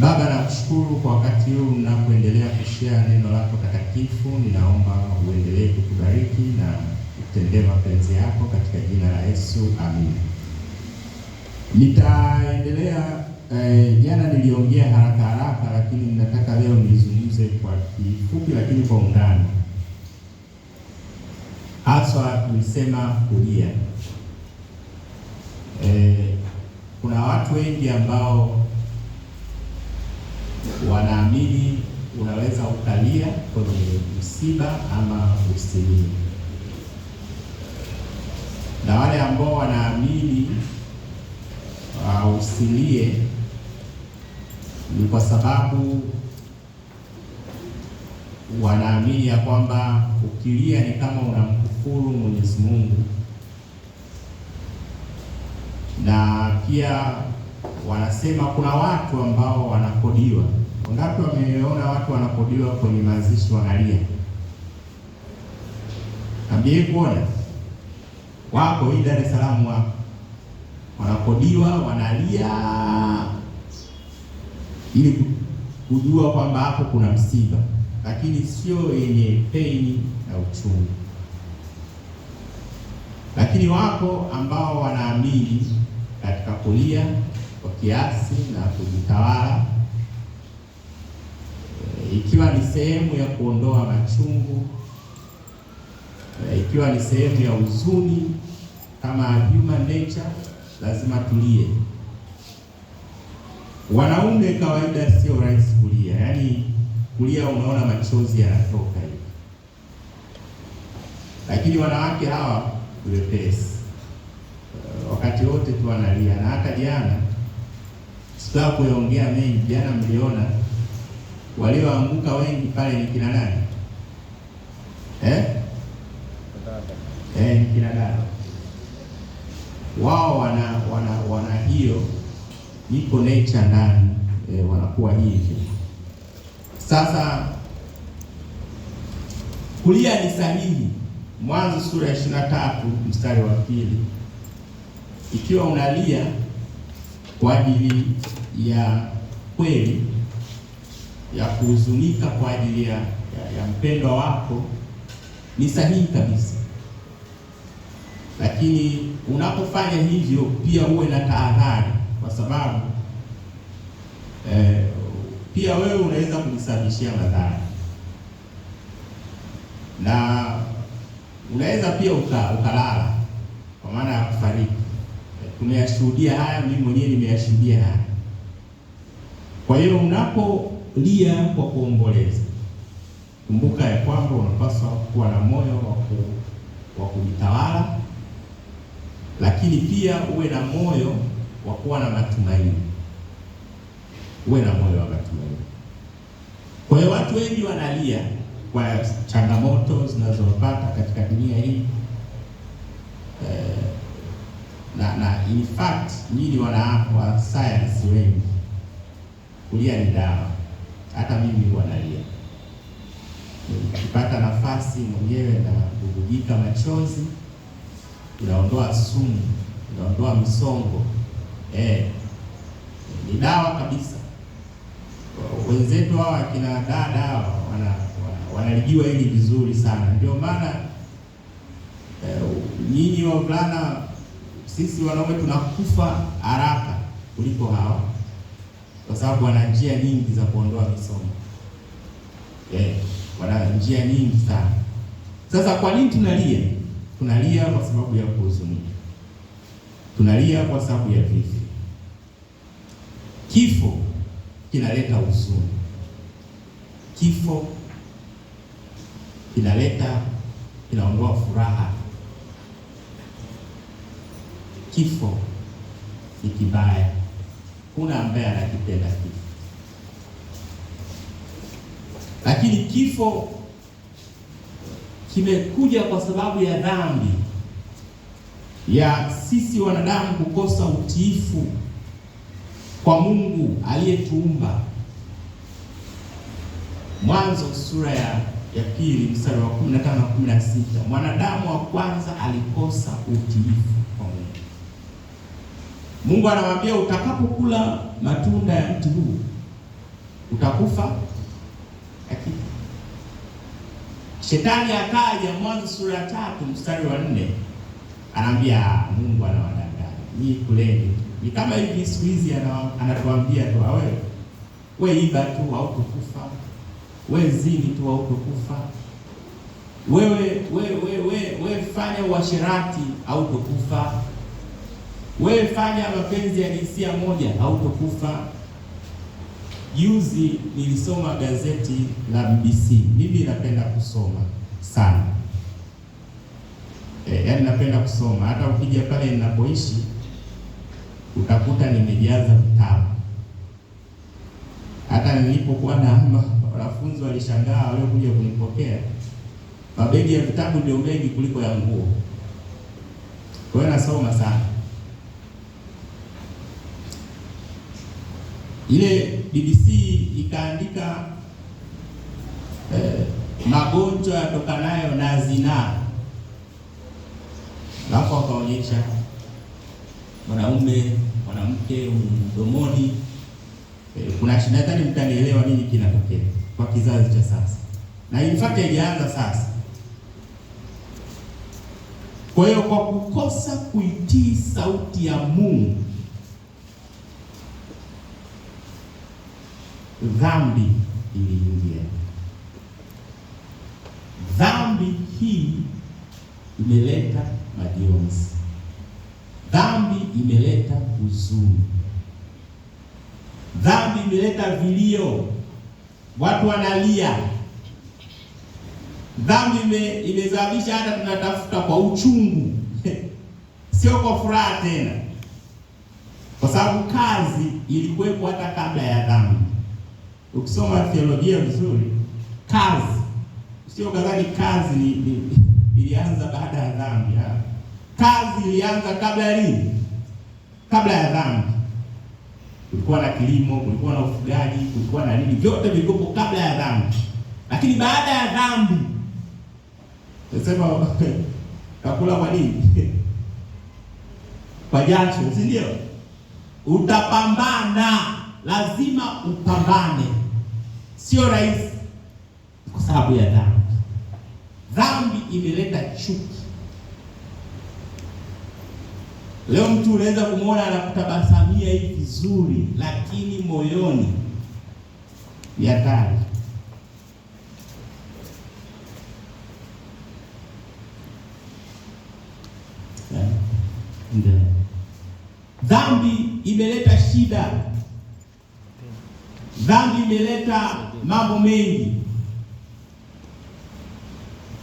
Baba, nakushukuru kwa wakati huu mnapoendelea kushea neno lako takatifu. Ninaomba uendelee kutubariki na kutendee mapenzi yako katika jina la Yesu, amina. Nitaendelea eh, jana niliongea haraka haraka, lakini ninataka leo nizungumze kwa kifupi, lakini kwa undani. Haswa tulisema kulia. Eh, kuna watu wengi ambao wanaamini unaweza ukalia kwenye msiba ama usilie, na wale ambao wanaamini uh, usilie ni kwa sababu wanaamini ya kwamba ukilia ni kama unamkufuru Mwenyezi Mungu na pia wanasema kuna watu ambao wanakodiwa. Wangapi wameona watu wanakodiwa kwenye mazishi wanalia? Ambie kuona wako hii Dar es Salaam, wako wanakodiwa wanalia, ili kujua kwamba hapo kuna msiba, lakini sio yenye peni na uchungu. Lakini wako ambao wanaamini katika kulia kwa kiasi na kujitawala, e, ikiwa ni sehemu ya kuondoa machungu e, ikiwa ni sehemu ya huzuni kama human nature, lazima tulie. Wanaume kawaida sio rahisi kulia, yaani kulia unaona machozi yanatoka hivi, lakini wanawake hawa wepesi, eh, wakati wote tu wanalia, na hata jana sitaka kuyaongea mengi. Jana mliona walioanguka wengi pale ni kina nani eh? Eh, ni kina dada. Wao wana wana wana hiyo iko nature ndani eh, wanakuwa hivi sasa. Kulia ni sahihi, Mwanzo sura ya 23 mstari wa pili. Ikiwa unalia kwa ajili ya kweli ya kuhuzunika kwa ajili ya, ya, ya mpendwa wako ni sahihi kabisa, lakini unapofanya hivyo pia uwe na tahadhari, kwa sababu eh, pia wewe unaweza kujisababishia madhara na unaweza pia ukalala kwa maana ya kufariki. Unayashuhudia haya, mimi mwenyewe nimeyashuhudia haya. Kwa hiyo unapolia kwa kuomboleza, kumbuka ya kwamba unapaswa kuwa na moyo wa kujitawala, lakini pia uwe na moyo wa kuwa na matumaini, uwe na moyo wa matumaini. Kwa hiyo watu wengi wanalia kwa changamoto zinazopata katika dunia hii eh, na, na in fact nyinyi ni wa science wengi, kulia ni dawa. Hata mimi huwa nalia ukipata nafasi mwenyewe na bubujika machozi, unaondoa sumu, unaondoa msongo eh, ni dawa kabisa. Wenzetu hawa akina dada wana wanalijua hili vizuri sana, ndio maana eh, nyinyi wavulana sisi wanaume tunakufa haraka kuliko hawa, kwa sababu wana njia nyingi za kuondoa misongo eh, wana njia nyingi sana. Sasa kwa nini tunalia? Tunalia kwa sababu ya kuhuzunika, tunalia kwa sababu ya vifo. Kifo kinaleta huzuni, kifo kinaleta, kinaondoa furaha kifo ni kibaya, kuna ambaye anakipenda kifo, lakini kifo kimekuja kwa sababu ya dhambi ya sisi wanadamu kukosa utiifu kwa Mungu aliyetuumba. Mwanzo sura ya, ya pili mstari wa 15 na 16, mwanadamu wa kwanza alikosa utiifu Mungu anamwambia utakapokula matunda ya mti huu utakufa. Lakini shetani akaja, Mwanzo sura ya tatu mstari wa nne anaambia ah, Mungu anawadanganya, ni kuleni. Ni kama hivi siku hizi anatuambia tu, ah, wewe we iba tu hautokufa, we zini tu hautokufa, wewe we, we, we, we, fanya uasherati hautokufa wewe fanya mapenzi ya jinsia moja, hautokufa. Juzi nilisoma gazeti la BBC, mimi napenda kusoma sana e, yaani napenda kusoma. Hata ukija pale ninapoishi utakuta nimejaza vitabu. Hata nilipokuwa na ama wanafunzi walishangaa waliokuja kunipokea, mabegi ya vitabu ndio mengi kuliko ya nguo. Kwa hiyo nasoma sana Ile BBC ikaandika eh, magonjwa yatokanayo na zinaa, alafu wakaonyesha mwanaume mwanamke mdomoni. Eh, kuna shida gani? Mtanielewa nini kinatokea kwa kizazi cha sasa, na in fact haijaanza sasa. Kwa hiyo kwa kukosa kuitii sauti ya Mungu dhambi iliingia. Dhambi hii imeleta majonzi, dhambi imeleta huzuni, dhambi imeleta vilio, watu wanalia. Dhambi imesababisha hata tunatafuta kwa uchungu sio kwa furaha tena, kwa sababu kazi ilikuwepo hata kabla ya dhambi ukisoma theolojia vizuri, kazi sio kadhani, kazi ni, ni, ilianza baada ya dhambi. Kazi ilianza kabla ya nini? Kabla ya dhambi kulikuwa na kilimo, kulikuwa na ufugaji, kulikuwa na nini, vyote vilikuwa kabla ya dhambi. Lakini baada ya dhambi nasema kakula kwa nini? Kwa jasho, si ndio? Utapambana, lazima upambane sio rahisi kwa sababu ya dhambi. Dhambi imeleta chuki. Leo mtu unaweza kumwona anakutabasamia hivi vizuri, lakini moyoni ya dhambi. Eh, dhambi imeleta shida. Dhambi imeleta mambo mengi,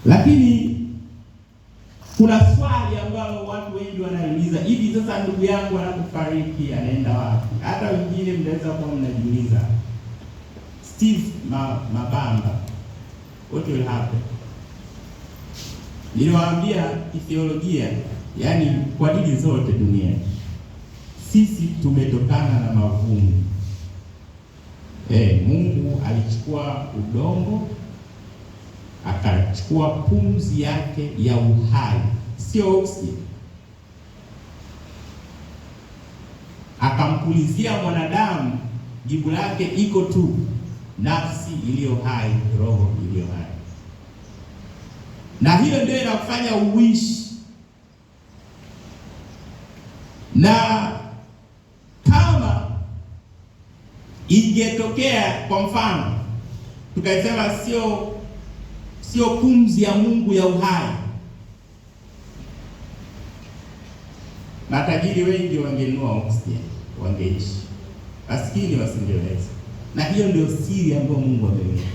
lakini kuna swali ambalo watu wengi wanauliza, hivi sasa ndugu yangu anapofariki anaenda wapi? Hata wengine mnaweza kuwa mnajiuliza. Steve Mabamba, what will happen? Niliwaambia kitheolojia, yaani kwa dini zote duniani sisi tumetokana na mavumbi Hey, eh, Mungu alichukua udongo akachukua pumzi yake ya uhai, sio oksijeni, akampulizia mwanadamu. Jibu lake iko tu nafsi iliyo hai, roho iliyo hai, na hiyo ndio inakufanya uishi na ingetokea kwa mfano tukaisema sio sio pumzi ya Mungu ya uhai, matajiri wengi wangenua oxygen, wangeishi, maskini wasingeweza. Na hiyo ndio siri ambayo Mungu ameweka,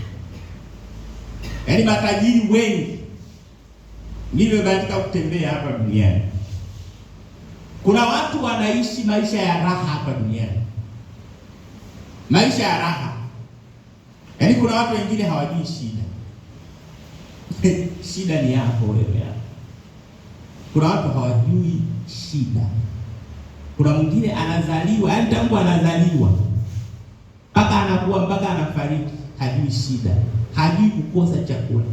yaani matajiri wengi. Nimebahatika kutembea hapa duniani, kuna watu wanaishi maisha ya raha hapa duniani maisha ya raha. Yaani kuna watu wengine hawajui shida shida ni yako wewe. Kuna watu hawajui shida. Kuna mwingine anazaliwa, yaani tangu anazaliwa mpaka anakuwa mpaka anafariki, hajui shida, hajui kukosa chakula,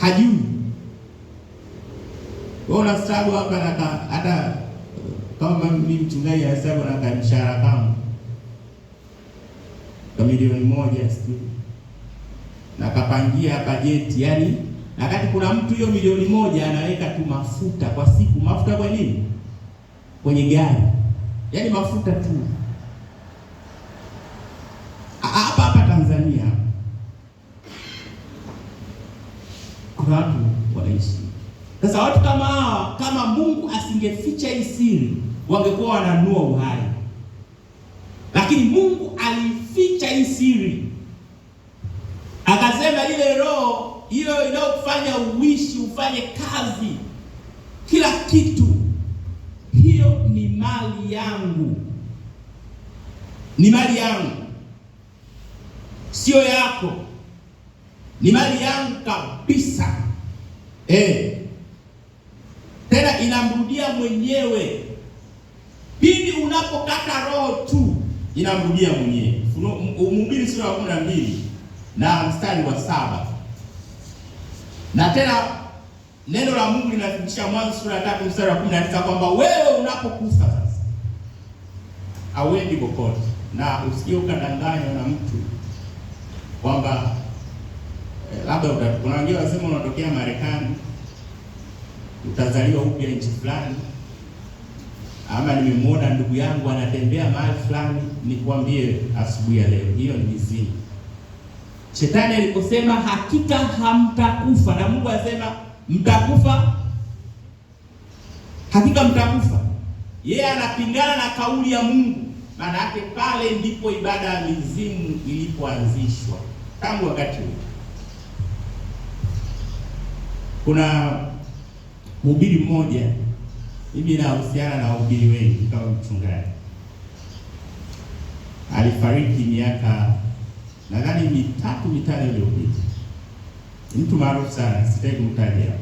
hajui wewe unasabu hapa, hata kama mimi mchungaji anasema na mshahara kama kwa milioni moja sitini na kapangia bajeti yani, wakati kuna mtu hiyo milioni moja anaweka tu mafuta kwa siku, mafuta kwa nini? Kwenye gari, yani mafuta tu hapa hapa Tanzania kuna watu wanaishi. Sasa watu kama hawa, kama Mungu asingeficha hii siri, wangekuwa wananua uhai, lakini Mungu afanye kazi, kila kitu. Hiyo ni mali yangu, ni mali yangu, sio yako, ni mali yangu kabisa eh. Tena inamrudia mwenyewe. Pindi unapokata roho tu inamrudia mwenyewe. Mhubiri sura ya kumi na mbili na mstari wa saba na tena Neno la Mungu linafundisha Mwanzo sura ya 3 mstari wa 19 kwamba wewe unapokufa sasa hauendi kokote, na usije ukadanganywa na mtu kwamba eh, labda kuna wengine wanasema unatokea Marekani utazaliwa upya nchi fulani, ama nimemwona ndugu yangu anatembea mahali fulani. Nikwambie asubuhi ya leo, hiyo ni mizimu. Shetani aliposema hakika hamtakufa, na Mungu asema mtakufa, hakika mtakufa. Yeye anapingana na kauli ya Mungu. Maana yake pale ndipo ibada ya mizimu ilipoanzishwa tangu wakati huo. Kuna mhubiri mmoja, mimi nahusiana na wahubiri wengi kama mchungaji, alifariki miaka nadhani mitatu mitano iliyopita mtu maarufu sana, sitaki kumtaja.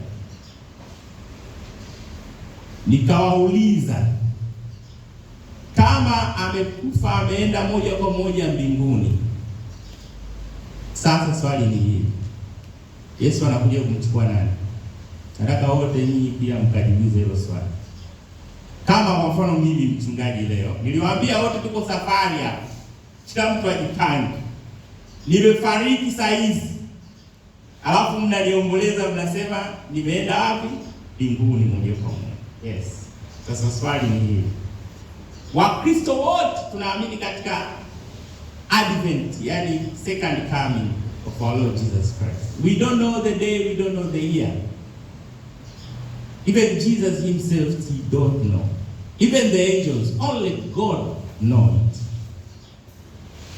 Nikawauliza kama amekufa ameenda moja kwa moja mbinguni. Sasa swali ni hili, Yesu anakuja kumchukua nani? Nataka wote nyinyi pia mkajiulize hilo swali. Kama kwa mfano mimi mchungaji leo niliwaambia wote tuko safari hapa, kila mtu ajitange, nimefariki saa hizi alafu mnaliomboleza, mnasema nimeenda wapi? Mbinguni moja kwa moja. Yes. Sasa swali ni hili, Wakristo wote tunaamini katika Advent, yani second coming of our Lord Jesus Christ. We don't know the day, we don't know the year. Even Jesus himself he don't know. Even the angels, only God know it.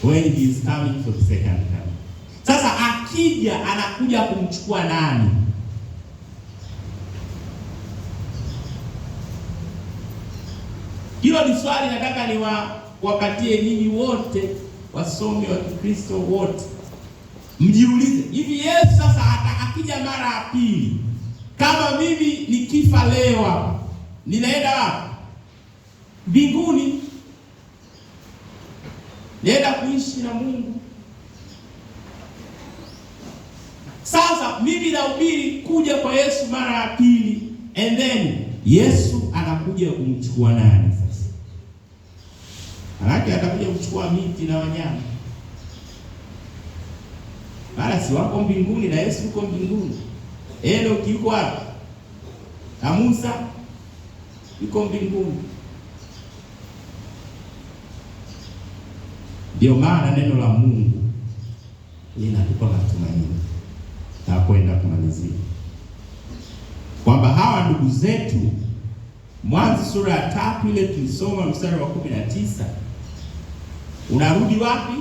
When he is coming for the second coming. Sasa akija anakuja kumchukua nani? Hilo ni swali nataka niwakatie ninyi wote, wasomi wa Kikristo wote mjiulize, hivi Yesu sasa akija mara ya pili, kama mimi nikifa leo hapa, ninaenda wapi? Mbinguni, nenda kuishi na Mungu. Sasa mimi nahubiri kuja kwa Yesu mara ya pili, and then Yesu anakuja kumchukua nani sasa? Maanake atakuja kuchukua miti na wanyama, mara si wako mbinguni na Yesu yuko mbinguni. Enoki yuko hapa na Musa yuko mbinguni. Ndio maana neno la Mungu linatupa matumaini nakwenda kumalizia kwamba hawa ndugu zetu, Mwanzo sura ya tatu ile tulisoma mstari wa kumi na tisa unarudi wapi?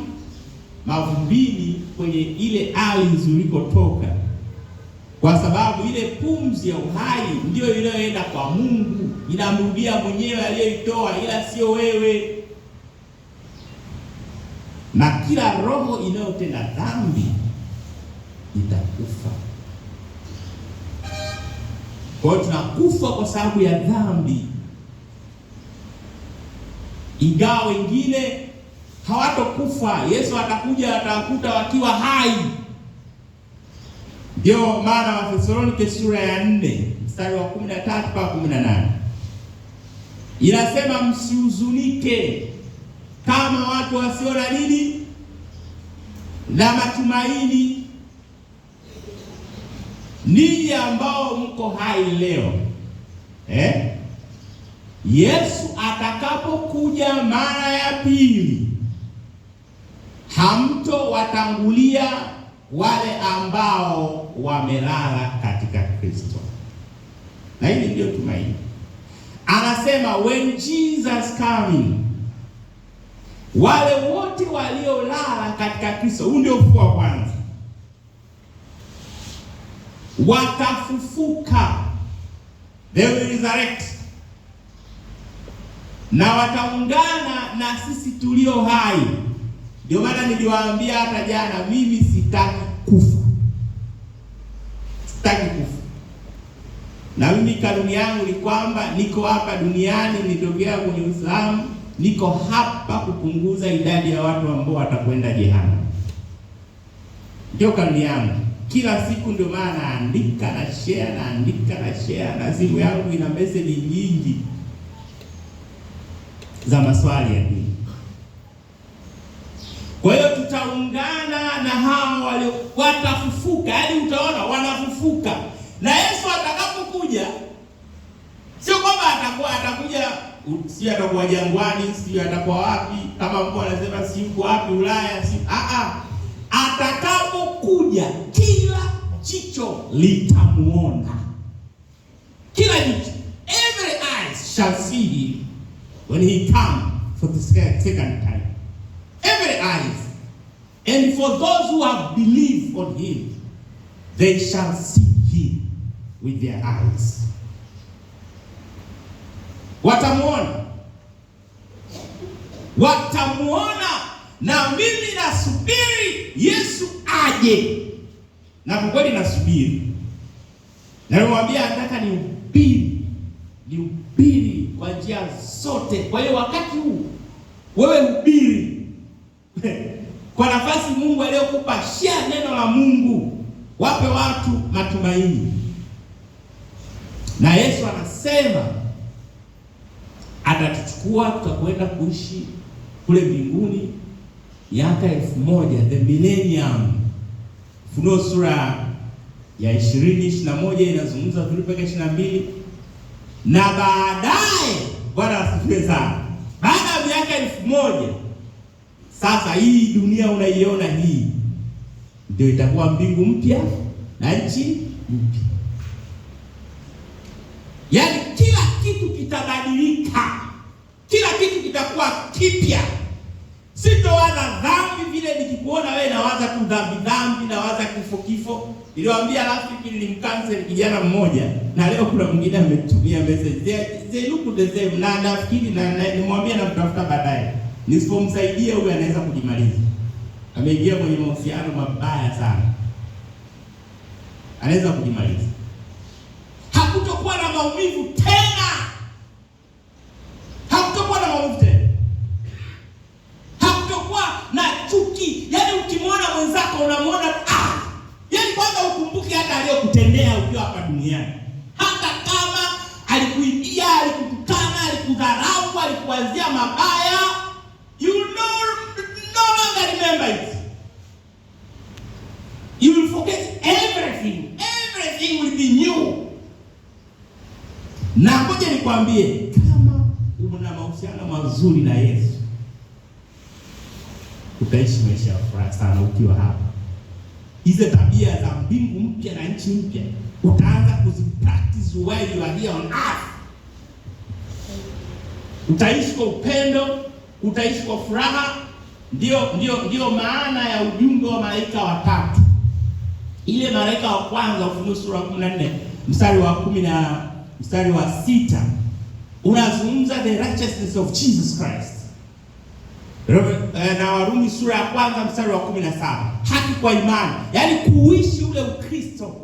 Mavumbini, kwenye ile ardhi ulikotoka, kwa sababu ile pumzi ya uhai ndiyo inayoenda kwa Mungu, inamrudia mwenyewe aliyeitoa, ila sio wewe. Na kila roho inayotenda dhambi itakufa. Kwa hiyo tunakufa kwa sababu ya dhambi, ingawa wengine hawatokufa. Yesu atakuja atawakuta wakiwa hai. Ndio maana Wathesalonike sura ya 4 mstari wa 13 mpaka 18 inasema msihuzunike kama watu wasio na nini, na matumaini ninyi ambao mko hai leo eh? Yesu atakapokuja mara ya pili hamto watangulia wale ambao wamelala katika Kristo, na hili ndio tumaini. Anasema when Jesus coming, wale wote waliolala katika Kristo. Huu ndio ufufuo wa kwanza watafufuka, they will resurrect, na wataungana na sisi tulio hai. Ndio maana niliwaambia hata jana, mimi sitaki kufa, sitaki kufa. Na mimi kanuni yangu ni kwamba niko hapa duniani, nilitokea kwenye Uislamu, niko hapa kupunguza idadi ya watu ambao watakwenda jehanamu. Ndio kanuni yangu kila siku, ndio maana naandika na share, naandika na share, na simu yangu ina message nyingi za maswali ya dini. Kwa hiyo tutaungana na hao walio watafufuka, yaani utaona wanafufuka na Yesu atakapokuja, sio kwamba atakuwa atakuja si atakuwa jangwani, si atakuwa wapi, kama mtu anasema si yuko wapi Ulaya, si a ah, a ah atakapokuja kila jicho litamuona, kila jicho, every eyes shall see him when he come for the second time, every eyes and for those who have believed on him they shall see him with their eyes, watamuona, watamuona na mimi nasubiri Yesu aje, na kwa kweli nasubiri, na nimwambia nataka ni upili ni upili kwa njia zote. Kwa hiyo wakati huu wewe hubiri kwa nafasi Mungu aliyokupa, shia neno la Mungu, wape watu matumaini. Na Yesu anasema atatuchukua tutakwenda kuishi kule mbinguni Miaka elfu moja the millennium. Funuo sura ya 20 21 inazungumza Filipi 22 na baadaye, Bwana asifiwe sana. Baada ya miaka elfu moja sasa hii dunia unaiona hii ndio itakuwa mbingu mpya na nchi mpya, yaani kila kitu kitabadilika, kila kitu kitakuwa kipya sitowaza dhambi vile, nikikuona wewe nawaza tu dhambi dhambi, nawaza kifo kifo. Niliwaambia rafiki, nilimkansel kijana mmoja, na leo kuna mwingine ametumia message they, they look the same, na nafikiri na, na nimwambia namtafuta baadaye, nisipomsaidia huyu anaweza kujimaliza. Ameingia kwenye mahusiano mabaya sana, anaweza kujimaliza. Hakutokuwa na maumivu tena, hakutokuwa na maumivu tena kuwa na chuki, yaani ukimwona mwenzako unamwona ah, yaani kwanza ukumbuke hata aliyokutendea ukiwa hapa duniani, hata kama alikuibia, alikutukana, alikudharau, alikuanzia mabaya, you know, no longer remember it, you will forget everything, everything will be new. Na ngoja nikwambie, kama una mahusiano mazuri na Yesu utaishi maisha ya furaha sana ukiwa hapa. Hizo tabia za mbingu mpya na nchi mpya utaanza kuzipractice while you are here on earth. Utaishi kwa upendo, utaishi kwa furaha. Ndio, ndio, ndio maana ya ujumbe wa malaika watatu. Ile malaika wa kwanza, Ufunuo sura 14 mstari wa kumi na mstari wa sita unazungumza the righteousness of Jesus Christ Eh, na Warumi sura ya kwanza mstari wa kumi na saba haki kwa imani, yaani kuishi ule Ukristo,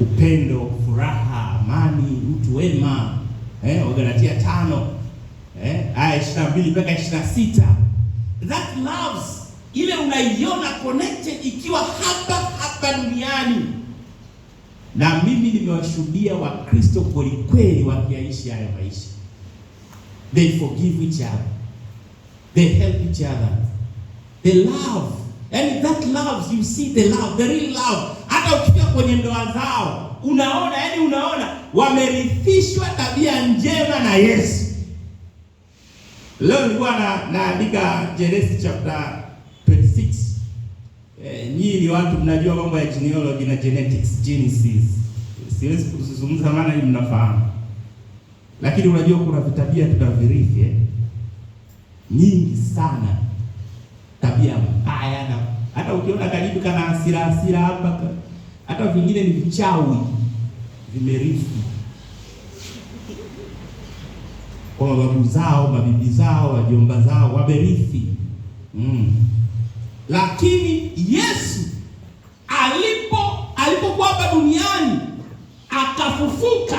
upendo, furaha, amani, utu wema, eh, Wagalatia tano eh, aya mbili mpaka sita That loves ile unaiona connected ikiwa hapa hapa duniani, na mimi nimewashuhudia Wakristo kwelikweli wakiyaishi wakiaishi maisha They forgive each other. They help each other. They love. And that love, you see the love, the real love. Hata ukifika kwenye ndoa zao, unaona, yani unaona wamerithishwa tabia njema na Yesu. Leo nilikuwa na naandika Genesis chapter 26. Eh, nyinyi ni watu mnajua mambo ya genealogy na genetics, genesis. Siwezi kuzungumza maana hii mnafahamu. Lakini unajua kuna vitabia tunavirithi eh, nyingi sana, tabia mbaya, na hata ukiona kajibu kana hasira hasira hapa, hata vingine ni vichawi vimerithi kwa babu zao, mabibi zao, wajomba zao wamerithi mm. Lakini Yesu alipo alipokuwa hapa duniani akafufuka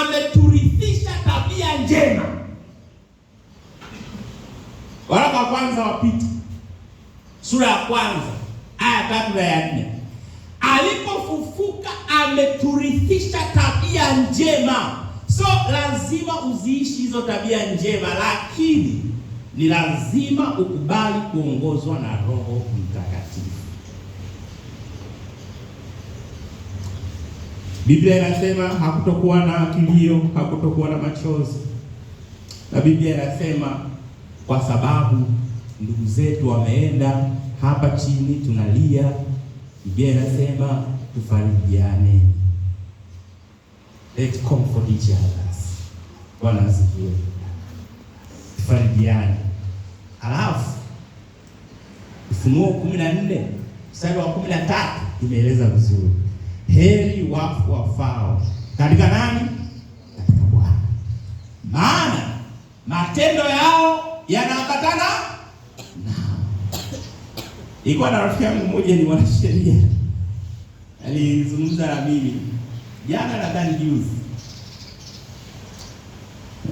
ameturithisha tabia njema. Waraka wa kwanza wa Petro sura ya kwanza aya tatu na ya nne alipofufuka ameturithisha tabia njema. So lazima uziishi hizo tabia njema, lakini ni lazima ukubali kuongozwa na Roho Mtakatifu. Biblia inasema hakutokuwa na kilio, hakutokuwa na machozi, na Biblia inasema kwa sababu ndugu zetu wameenda, hapa chini tunalia. Biblia inasema tufarijiane, let's comfort each other. Bwana asifiwe, tufarijiane. Halafu Ufunuo kumi na nne mstari wa kumi na tatu imeeleza vizuri heri wafu wafao katika nani? Katika Bwana, maana matendo yao yanaambatana nao. Ilikuwa na rafiki yangu mmoja, ni mwanasheria, alizungumza na mimi jana, nadhani juzi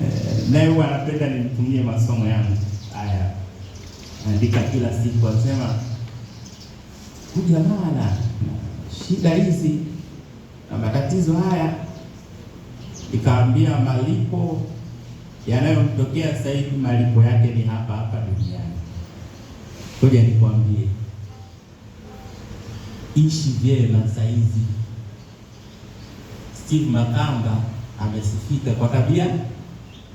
eh, naye huwa anapenda nimtumie masomo yangu haya, andika kila siku, anasema hujamaa shida hizi na matatizo haya, nikaambia malipo yanayotokea sasa hivi malipo yake ni hapa hapa duniani. Ngoja nikwambie, ishi vyema sasa hizi. Steve Makamba amesifika kwa tabia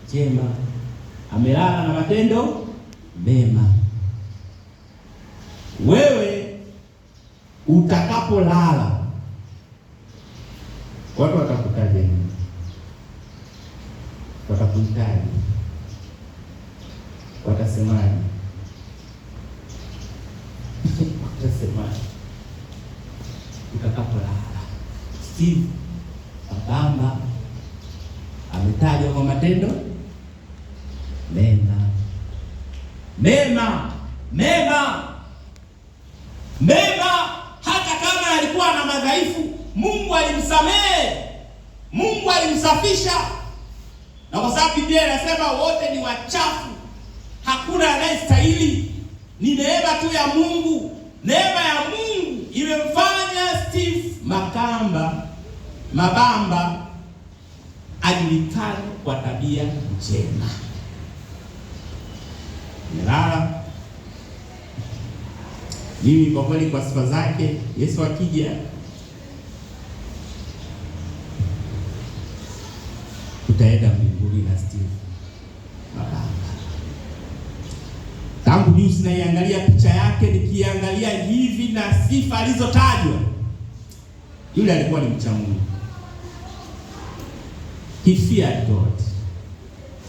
njema, amelala na matendo mema. Wewe utakapolala watu watakutaja nini? Watakuhitaji, watasemaje? Watasemaje utakapolala? Steve Abamba ametajwa kwa matendo mema, mema, mema, mema. alimsamehe, Mungu alimsafisha. Na kwa sababu Biblia inasema wote ni wachafu, hakuna anayestahili. Ni neema tu ya Mungu. Neema ya Mungu imemfanya Steve Makamba Mabamba ajulikane kwa tabia njema. Nilala mimi kwa kweli, kwa sifa zake Yesu akija utaenda mbinguni na Steve Tangu juzi naiangalia picha yake, nikiangalia hivi na sifa alizotajwa, yule alikuwa ni mcha Mungu. He feared God.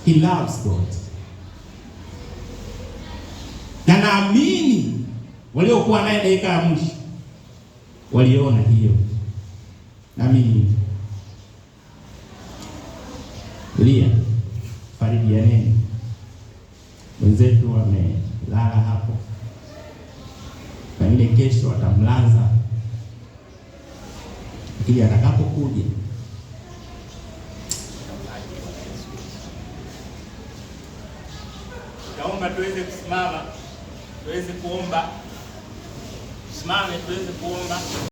He loves God. Na naamini waliokuwa naye dakika ya mwisho waliona hiyo, naamini lia, farijianeni, wenzetu wamelala hapo, pengine kesho watamlaza, lakini atakapokuja taomba tuweze kusimama, tuweze kuomba, tusimame, tuweze kuomba.